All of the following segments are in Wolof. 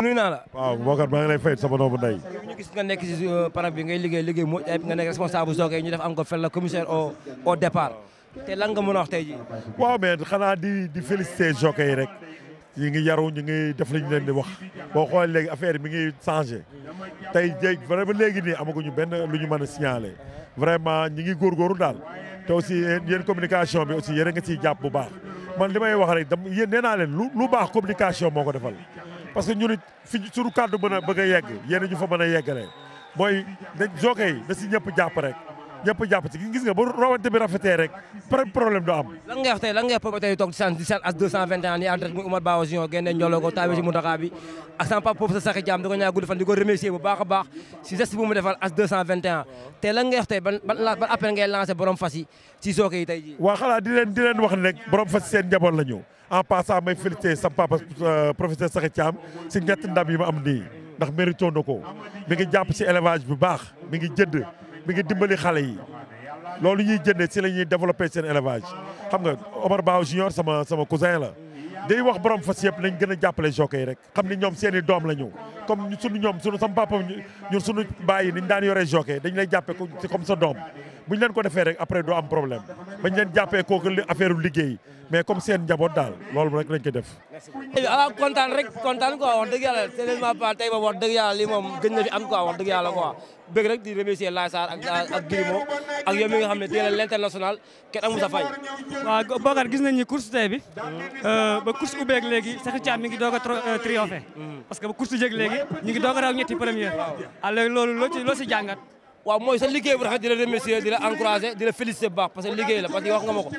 nuyu naa la. waaw Bokar maa ngi lay fay sama doomu ndey. nga nekk si euh, parab bi ngay liggéey liggéey moo jaay nga nekk responsable Sokey ñu def am ko fel la commissaire au départ te lan nga mën a wax tey jii. waaw mais xanaa di di féliciter Sokey rek. ñi ngi yaru ñu ngi def li leen di wax boo xool léegi affaire bi mi ngi changé tey jéeg vraiment léegi nii amaguñu benn lu ñu mën a signalé vraiment ñi ngi góorgóorlu daal te aussi yéen communication bi aussi yéen nga ciy jàpp bu baax. man li may wax rek damu yéen nee naa leen lu lu baax communication moo ko defal parce que ñu nit fi suñu kàddu mën a bëgg a ñu fa mën a yeggalee mooy dañ Jokalante da si ñëpp jàpp rek ñëpp jàpp ci gis nga bu rawante bi rafetee rek problème du am. lan tey lan ngay promoteur yi toog di sant di sant as ak sama papa foofu saxi jaam di ko tey ban appel ngay lancé borom fas si sooke yi tey jii. waa di leen di leen rek borom fas seen njaboot la en passant may félicité sa papa euh, professeur Saxi Thiam si ñett ndam yi ma am nii ndax mérito na ko mi ngi jàpp si élevage bu baax mi ngi jënd mi ngi dimbali xale yi loolu ñuy jëndee si la ñuy développé seen élevage xam nga Omar Ba junior sama sama cousin la day wax borom fas yëpp nañ gën a jàppale yi rek xam ni ñoom seen doom la ñu comme suñu ñoom suñu sama papa ñun suñu bàyyi niñ daan yore jockey dañ lay jàppe comme sa doom bu ñu leen ko defee rek après doo am problème bañ leen jàppee kooku affaire liggéey mais comme seen njaboot daal loolu rek ah, kontaan rek kontaan quoi wax dëgg rek di remercier Laye Sarr ak ak ak yow nga xam ne teel a l'international kenn amul sa fay. waaw Bocar mhm. euh, ngi doog a euh, triomphé mhm. parce que ba course jeeg léegi ñu ngi doog a ñetti première alors loolu loo ci loo waaw mooy sa liggéey bu rafet di la remercier di la encourager di la féliciter bu baax parce que liggéey la parce que wax nga ma ko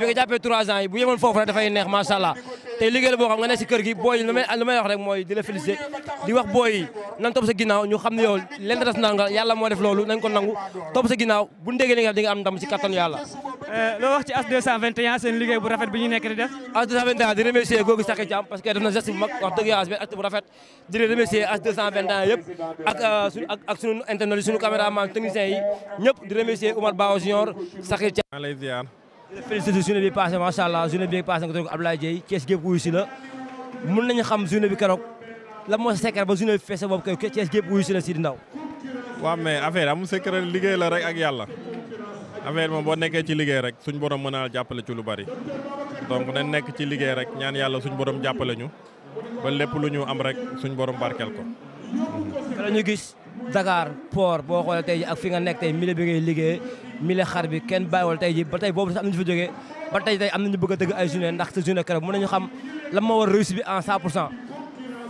bi nga jàppee 3 ans yi bu yemoon foofu rek dafay neex macha allah liggéey la boo xam nga nekk si kër gi booy lu may wax rek mooy di la féliciter di wax booy nan topp sa ginnaaw ñu xam ne yow leen des na nga moo def loolu nañ ko nangu topp sa ginnaaw bu ndégee li nga am ndam si kattan yàlla Euh, loo wax ci AS 221 seen liggéey bu rafet bi ñu nekk di def. AS 221 di remercier Gorgui Sakhi Thiam parce que def na geste bu mag wax dëgg yàlla acte bu rafet di leen remercier AS 221 yëpp ak euh, suñu ak suñu internet suñu caméraman technicien yi ñëpp di remercier Oumar Bao Junior Sakhi Thiam. maa lay ziar. bi passé macha allah journée bi passé nga doon ko Abdoulaye Dieye Thiès gépp mun nañu xam journée bi keroog la moo sa secret ba journée bi fees sa bopp la si di la affaire moom boo nekkee ci liggéey rek suñ borom mën a jàppale ci lu bari donc na nekk ci liggéey rek ñaan yàlla suñ borom jàppale ñu ba lépp lu ñu am rek suñ borom barkeel ko. te ñu gis Dakar port boo xoolee tey ji ak fi nga nekk tey milieu bi ngay liggéey mile xar bi kenn bàyyiwul tey ji ba tey boobu sax am nañu fa jógee ba tey tey am nañu bëgg a tëgg ay journée ndax sa journée keroog mën ñu xam lan moo war réussite bi en 100 pour cent.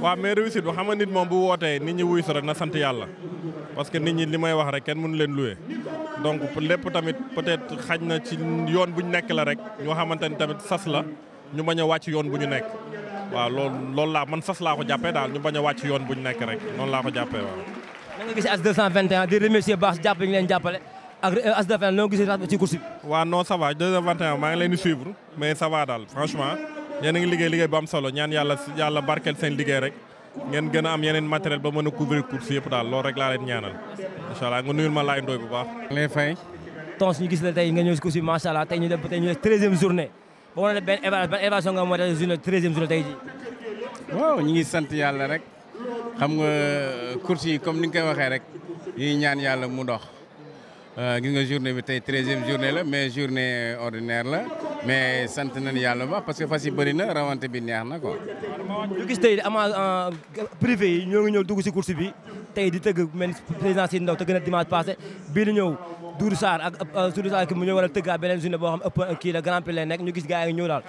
waaw mais réussite xam nga nit moom bu wootee nit ñi wuy si rek na sant yàlla parce que nit ñi li may wax rek kenn mënu leen loué donc lépp tamit peut-être xaj na ci yoon bu ñu nekk la rek ñoo xamante ni tamit sas la ñu bañ a wàcc yoon bu ñu nekk waaw loolu loolu laa man sas laa ko jàppee daal ñu bañ a wàcc yoon bu ñu nekk rek noon laa ko jàppee waaw. na nga gis AS221 di remercier baax jàpp ñu leen jàppale ak AS221 euh, noo gisee ci course bi. waaw non ça va AS221 maa ngi leen di suivre mais sa va daal franchement yéen a ngi liggéey liggéey bu am solo ñaan yàlla yàlla barkeel seen liggéey rek. ngeen gën a am yeneen matériel ba mën a couvrir course yëpp daal loolu rek laa leen ñaanal incha allah nga nuyul ma laay ndooy bu baax. lay tons ñu gis la tey nga ñëw si course bi tey ñu def tey ñu def journée ba mën a def benn évaluation nga mooy journée treizième journée tey jii. waaw ñu ngi sant yàlla rek xam nga course yi comme ni nga koy waxee rek yi ñaan yàlla mu dox euh, gis nga journée bi tey treizième journée la mais journée ordinaire la. mais sant nañu yàlla bu parce que fas yi bëri na rawante bi neex na quoi. ñu gis tey ama euh, privé yi ñoo ngi si course bi tey di tëgg mel président Sidi Ndaw tëgg na dimanche passé bii di ñëw Doudou Sarr ak euh, euh, Doudou ki mu ñëw war tëgg ak beneen journée boo xam ëpp kii la grand prix nekk ñu gis gars yi ñëw daal.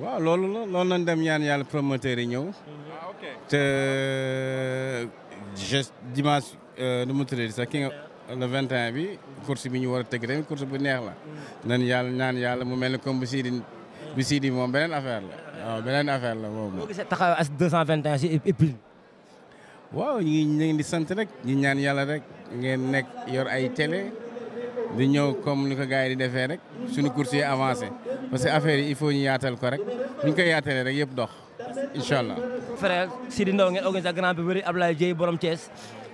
waaw loolu la loolu lañ dem ñaan yàlla promoteur yi ñëw. Ah, te je dimanche nu mu sax ki le 21 bi course bi ñu war a tëgg tamit course bu neex la nan yàlla ñaan yàlla mu mel ni comme bu Sidi bu Sidi moom beneen affaire la waaw beneen affaire la moom. boo gisee taxaw as 221 si épine. waaw ñu ngi ñu ngi di sant rek ñu ñaan yàlla rek ngeen nekk yor ay télé di ñëw comme ni ko gars yi di defee rek suñu course yi avancé parce que affaire yi il faut ñu yaatal ko rek ñu koy yaatalee rek yëpp dox incha allah. frère Sidi ngeen organisé grand bi wëri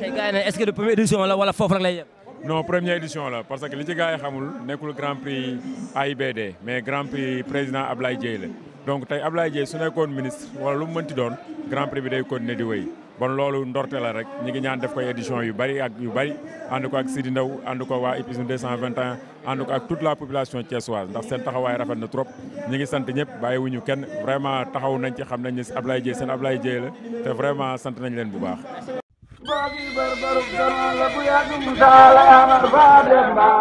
tey gars yi est-ce que de première édition là wala fofu rek lay non première édition là parce que li ci gaay xamul nekul grand prix AIBD mais grand prix président Ablaye Dieye donc tay Ablaye Dieye su nekkone ministre wala lu mu mënti doon grand prix bi day continuer di wéy. bon loolu ndorte la rek ñi ngi ñaan def koy édition yu bari ak yu bari ànd ko ak Sidi Ndaw ànd ko waa épisode ans ànd ko ak toute la population thiessoise ndax sen taxaway rafet na trop ñi ngi sant ñëpp bàyyiwuñu kenn vraiment taxaw nañ ci xam nañ ni Ablaye Dieye seen Ablaye Dieye la te vraiment sant nañ leen bu baax boobi barbaru dama la bu yàgg musaala amar baa dem baa